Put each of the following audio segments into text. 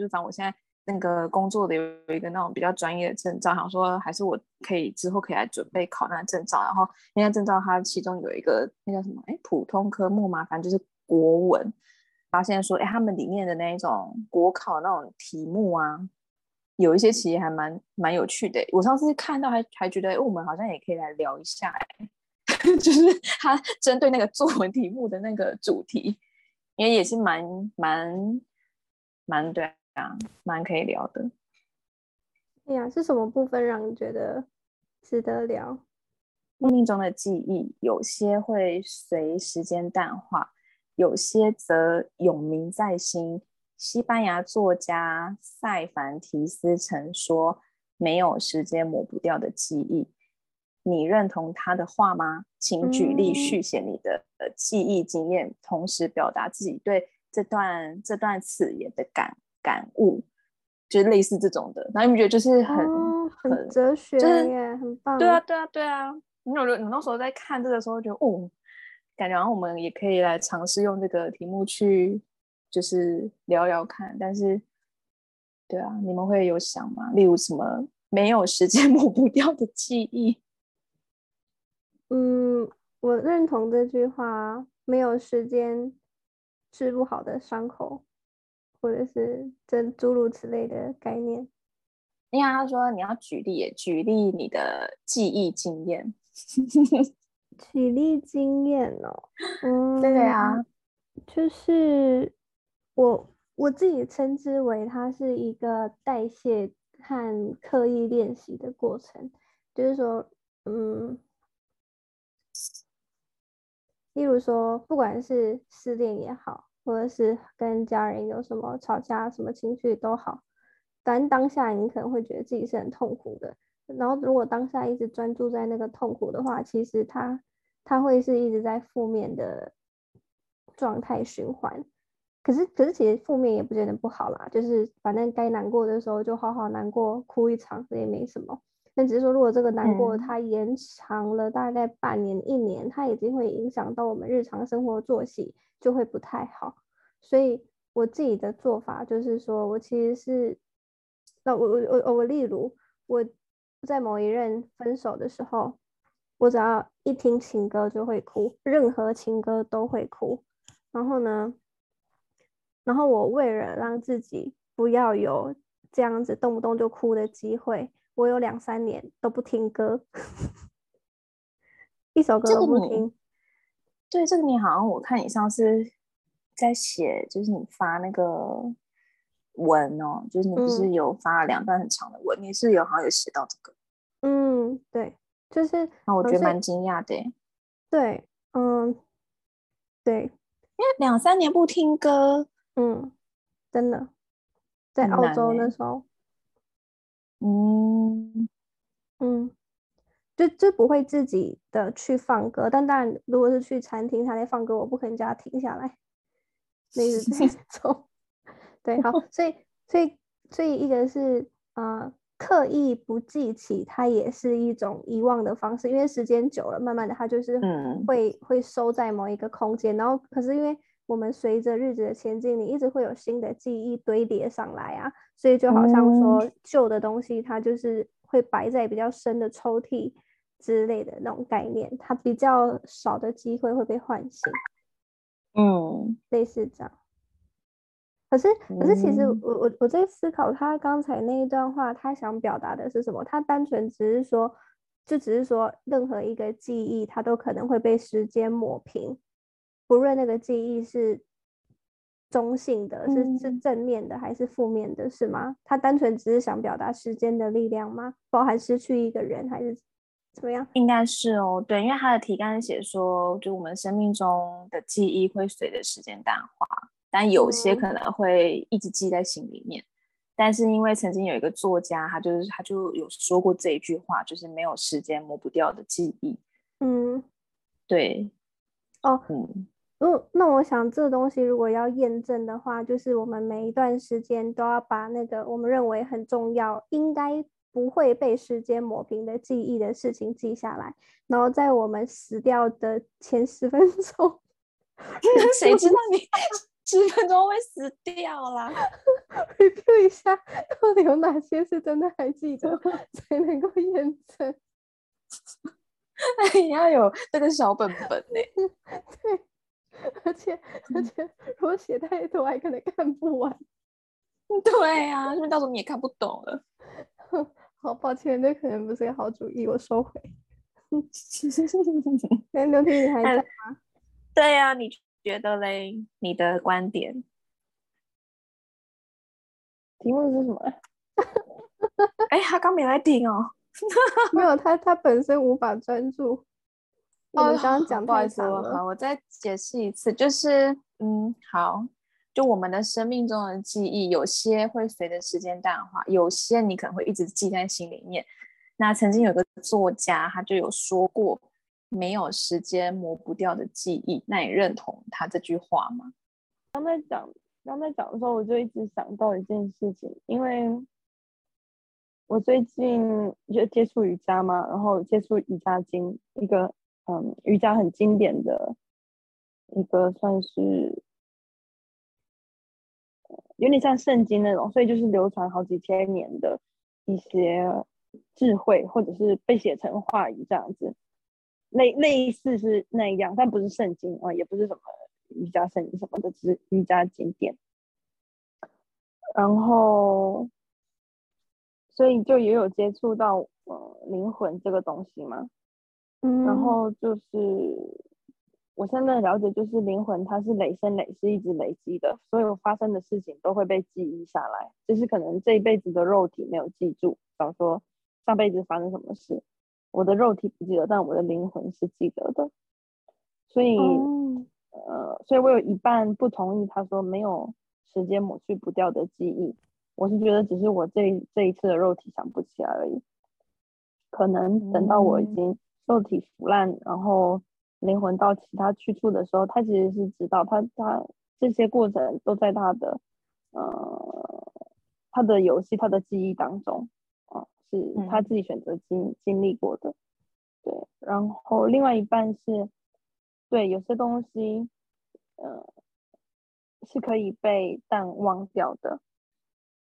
就是講我現在那個工作的，有有一個那種比較專業的證照，想說還是我可以之後可以來準備考那證照。然後那證照它其中有一個那叫什麼？哎、欸，普通科目嘛，反正就是國文。然後現在說，哎、欸，他們裡面的那一種國考的那種題目啊，有一些題還蠻蠻有趣的、欸。我上次看到還還覺得、哦，我們好像也可以來聊一下、欸， 就是他針對那個作文題目的那個主題，因為也是蠻蠻蠻對。啊，蠻可以聊的。哎呀，是什麼部分讓你覺得值得聊？生命中的記憶，有些會隨時間淡化，有些則永銘在心。西班牙作家塞凡提斯曾說：“沒有時間抹不掉的記憶。”你認同他的話嗎？請舉例續寫你的、嗯呃、記憶經驗，同時表達自己對這段這段此言的感。感悟，就是類似這種的。然後你們覺得就是很、哦、很，很哲學，就是、很棒。對啊，對啊，對啊。你有你那時候在看這個的時候就哦，感覺好像我們也可以來嘗試用這個題目去就是聊聊看。但是，對啊，你們會有想嗎？例如什麼沒有時間抹不掉的記憶？嗯，我認同這句話，沒有時間治不好的傷口。或者是這諸如此類的概念，你想要說你要舉例，舉例你的記憶經驗，舉 例經驗哦，嗯， 對呀、啊，就是我我自己稱之為它是一個代謝和刻意練習的過程，就是說，嗯，例如說，不管是失戀也好。或者是跟家人有什麼吵架，什麼情緒都好，反正當下你可能會覺得自己是很痛苦的。然後如果當下一直專注在那個痛苦的話，其實他他會是一直在負面的狀態循環。可是可是其實負面也不見得不好啦，就是反正該難過的時候就好好難過，哭一場，這也沒什麼。但只是說，如果這個難過，嗯，它延長了大概半年一年，它已經會影響到我們日常生活作息，就會不太好。所以我自己的做法就是說，我其實是，那我我我我例如我在某一任分手的時候，我只要一聽情歌就會哭，任何情歌都會哭。然後呢，然後我為了讓自己不要有這樣子動不動就哭的機會。我有兩三年都不聽歌， 一首歌都不聽。這個。對，這個你好像我看你上次在寫，就是你發那個文哦，就是你不是有發了兩段很長的文，嗯、你是，是有好像有寫到這個。嗯，對，就是。那我覺得蠻驚訝的。對，嗯，對，因為兩三年不聽歌，嗯，真的，在澳洲那時候，欸、嗯。嗯，嗯，就就不會自己的去放歌，但當然，如果是去餐廳，他在放歌，我不可能叫他停下來，那是這種。 對，好，所以，所以，所以，一個是，呃，刻意不記起，它也是一種遺忘的方式，因為時間久了，慢慢的，它就是嗯，會會收在某一個空間，然後可是因為。我們隨着日子的前進，你一直會有新的記憶堆疊上來啊，所以就好像說舊的東西，它就是會擺在比較深的抽屜之類的那種概念，它比較少的機會會被喚醒。嗯，類似這樣。可是，可是，其實我我我在思考他剛才那一段話，他想表達的是什麼？他單純只是說，就只是說，任何一個記憶，它都可能會被時間抹平。不論那個記憶是中性的，是是正面的還是負面的，是嗎、嗯？他單純只是想表達時間的力量嗎？包含失去一個人還是怎麼樣？應該是哦，對，因為他的題幹是寫說，就我們生命中的記憶會隨着時間淡化，但有些可能會一直記在心裡面。嗯、但是因為曾經有一個作家，他就是他就有說過這一句話，就是沒有時間抹不掉的記憶。嗯，對，哦，嗯。嗯、哦，那我想這東西如果要驗證的話，就是我們每一段時間都要把那個我們認為很重要、應該不會被時間抹平的記憶的事情記下來，然後在我們死掉的前十分鐘，誰知道你 十分鐘會死掉啦？review 一下到底有哪些是真的還記得，才能夠驗證。那你要有這個小本本呢、欸？ 對。而 且，而且，而且我寫太多，還可能看不完。嗯、 對呀、啊，因為到時候你也看不懂了。 好抱歉，那可能不是一個好主意，我收回。那劉婷，你還在嗎？對呀、啊，你覺得嘞？你的觀點？提問是什麼？哎、 欸，他剛沒來頂哦。 沒有，他他本身無法專注。們想哦，剛剛講不好意思我，好，我再解釋一次，就是嗯，好，就我們的生命中的記憶，有些會隨着時間淡化，有些你可能會一直記在心裡面。那曾經有個作家，他就有說過，沒有時間磨不掉的記憶。那你認同他這句話嗎？剛才講，剛才講的時候，我就一直想到一件事情，因為我最近就接觸瑜伽嘛，然後接觸瑜伽經一個。嗯，瑜伽很經典的一個，算是有點像聖經那種，所以就是流傳好幾千年的，一些智慧或者是被寫成話語這樣子，類類似是那樣，但不是聖經啊，也不是什麼瑜伽聖經什麼的，只是瑜伽經典。然後，所以就也有接觸到呃靈魂這個東西嗎？然後就是我現在了解，就是靈魂它是累生累世一直累積的，所有發生的事情都會被記憶下來。就是可能這一輩子的肉體沒有記住，比方說上輩子發生什麼事，我的肉體不記得，但我的靈魂是記得的。所以，嗯，呃，所以我有一半不同意他說沒有時間抹去不掉的記憶。我是覺得只是我這這一次的肉體想不起來而已，可能等到我已經。嗯肉體腐爛，然後靈魂到其他去處的時候，他其實是知道他，他他這些過程都在他的，呃，他的遊戲，他的記憶當中，啊，是他自己選擇經、嗯、經歷過的，對。然後另外一半是，對，有些東西，嗯、呃，是可以被淡忘掉的，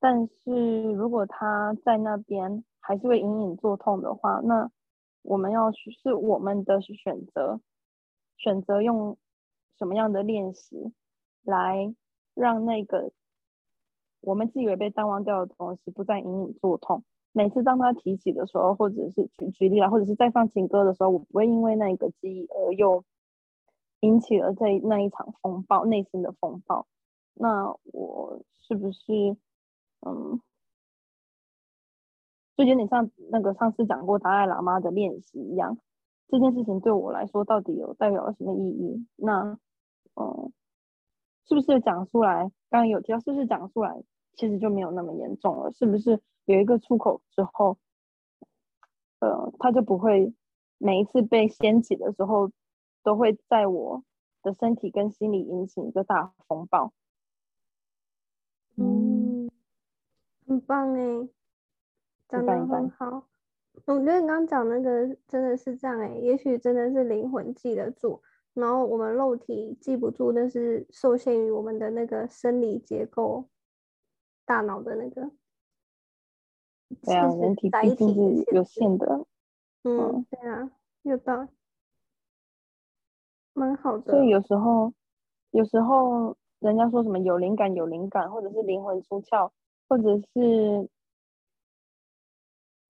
但是如果他在那邊還是會隱隱作痛的話，那。我們要是我們的選擇，選擇用什麼樣的練習來讓那個我們自以為被淡忘掉的東西不再隱隱作痛。每次當他提起的時候，或者是舉舉例啊，或者是再放情歌的時候，我不會因為那個記憶而又引起了在那一場風暴，內心的風暴。那我是不是嗯？就有點像那個上次講過達賴喇嘛的練習一樣，這件事情對我來說到底有代表了什麼意義？那哦、嗯，是不是講出來？剛剛有提到，是不是講出來，其實就沒有那麼嚴重了？是不是有一個出口之後，呃、嗯，他就不會每一次被掀起的時候，都會在我的身體跟心裡引起一個大風暴？嗯，很棒哎。剛，剛剛好，我覺得你剛剛講那個真的是這樣哎、欸，也許真的是靈魂記得住，然後我們肉體記不住，但是受限於我們的那個生理結構、大腦的那個，對啊，體人體畢竟是有限的，嗯，嗯對啊，有道理，蠻好的。所以有時候，有時候人家說什麼有靈感、有靈感，或者是靈魂出竅，或者是、嗯。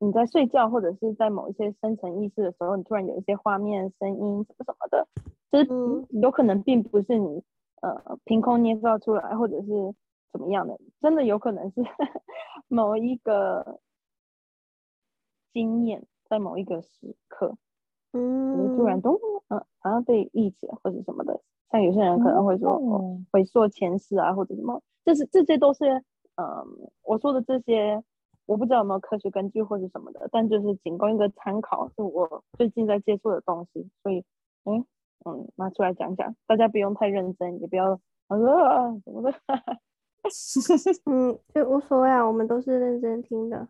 你在睡覺，或者是在某一些深層意識的時候，你突然有一些畫面、聲音什麼什麼的，這、就是、有可能並不是你、嗯、呃憑空捏造出來，或者是怎麼樣的，真的有可能是呵呵某一個經驗在某一個時刻，嗯，你突然都嗯，好、啊、像被抑制或者什麼的。像有些人可能會說，嗯、哦，回溯前世啊，或者什麼，這、就是這些都是，嗯，我說的這些。我不知道有沒有科學根據，或者什麼的，但就是僅供一個參考，是我最近在接觸的東西，所以嗯，嗯，拿出來講講，大家不用太認真，也不要啊、啊什麼的，嗯，就無所謂啊，我們都是認真聽的，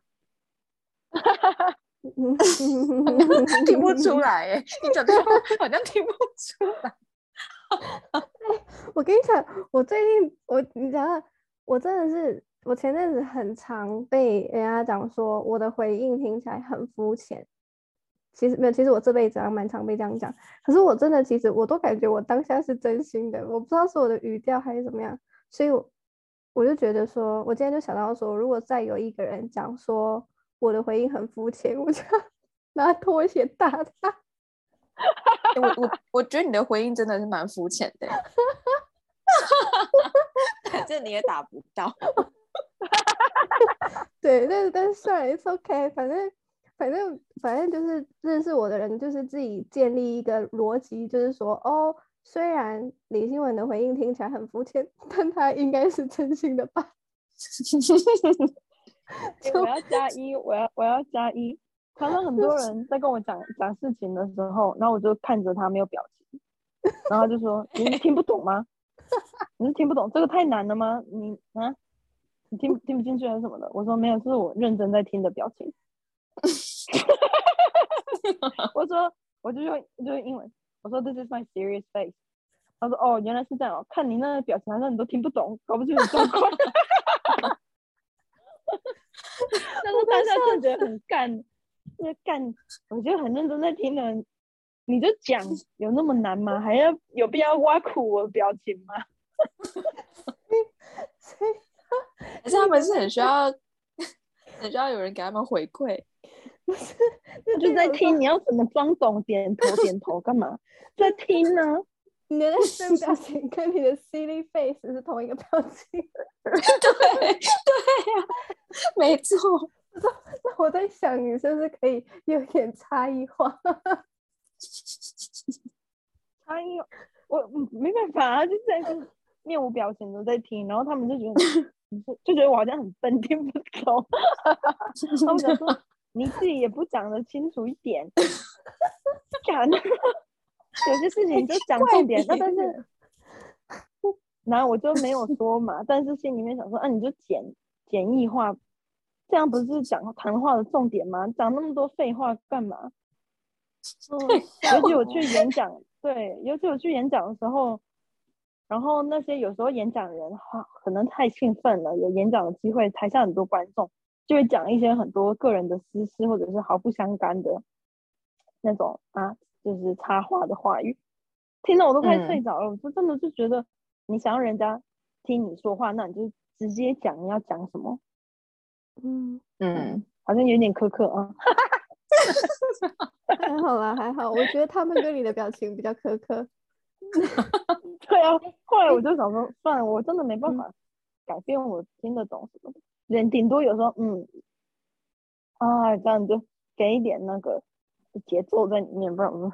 哈哈哈哈，聽不出來耶，你講的，好像聽不出來， 我跟你講，我最近我你講的，我真的是。我前陣子很常被人家講說我的回應聽起來很膚淺，其實沒有，其實我這輩子還蠻常被這樣講。可是我真的，其實我都感覺我當下是真心的，我不知道是我的語調還是怎麼樣。所以我，我我就覺得說，我今天就想到說，如果再有一個人講說我的回應很膚淺，我就拿 拖鞋打他。欸、我我我覺得你的回應真的是蠻膚淺的，反 正 你也打不到。 哈哈哈哈哈！對，但是但是 it's OK，反正反正反正就是認識我的人，就是自己建立一個邏輯，就是說，哦，雖然李新文的回應聽起來很膚淺，但他應該是真心的吧？ 就 我要加一，我要我要加一。常常很多人在跟我講 講事情的時候，然後我就看着他沒有表情，然後就說：“你是聽不懂嗎？ 你是聽不懂這個太難了嗎？你啊？”你聽聽不進去還是什麼的？我說沒有，這是我認真在聽的表情。 我說我就用就用英文，我說 This is my serious face。他說哦，oh, 原來是這樣哦，看你那個表情，啊，好像你都聽不懂，搞不清楚狀況。 但是班上真的很幹，真的幹，我就很認真在聽的，你就講有那麼難嗎？還要有必要挖苦我的表情嗎？ 但是他們是很需要，很需要有人給他們回饋。那 就，就在聽，你要怎麼裝懂？點頭點頭，幹嘛？在聽呢？你的這表情跟你的 silly face 是同一個表情。 對對呀、啊，沒錯。那那我在想，你是不是可以有點差異化？ 差異化我沒辦法啊，就是在這面無表情的在聽，然後他們就覺得。 就覺得我好像很笨，聽不懂。他們就說，你自己也不講得清楚一點，的 有些事情你就講重點。那但是，然後我就沒有說嘛， 但是心裡面想說啊，你就簡簡易化，這樣不是講談話的重點嗎？講那麼多廢話幹嘛？嗯，尤其我去演講，對，尤其我去演講的時候。然後那些有時候演講人哈、啊、可能太興奮了，有演講的機會，台下很多觀眾就會講一些很多個人的私事，或者是毫不相干的，那種啊，就是插話的話語，聽得我都快睡着了。嗯、我就真的就覺得，你想要人家聽你說話，那你就直接講你要講什麼。嗯嗯，好像有點苛刻啊。 還好啦，還好，我覺得他們對你的表情比較苛刻。 對啊，後來我就想說，算了，我真的沒辦法改變我聽得懂什麼，人頂多有時候嗯，啊，這樣就給一點那個節奏在裡面，不然我。嗯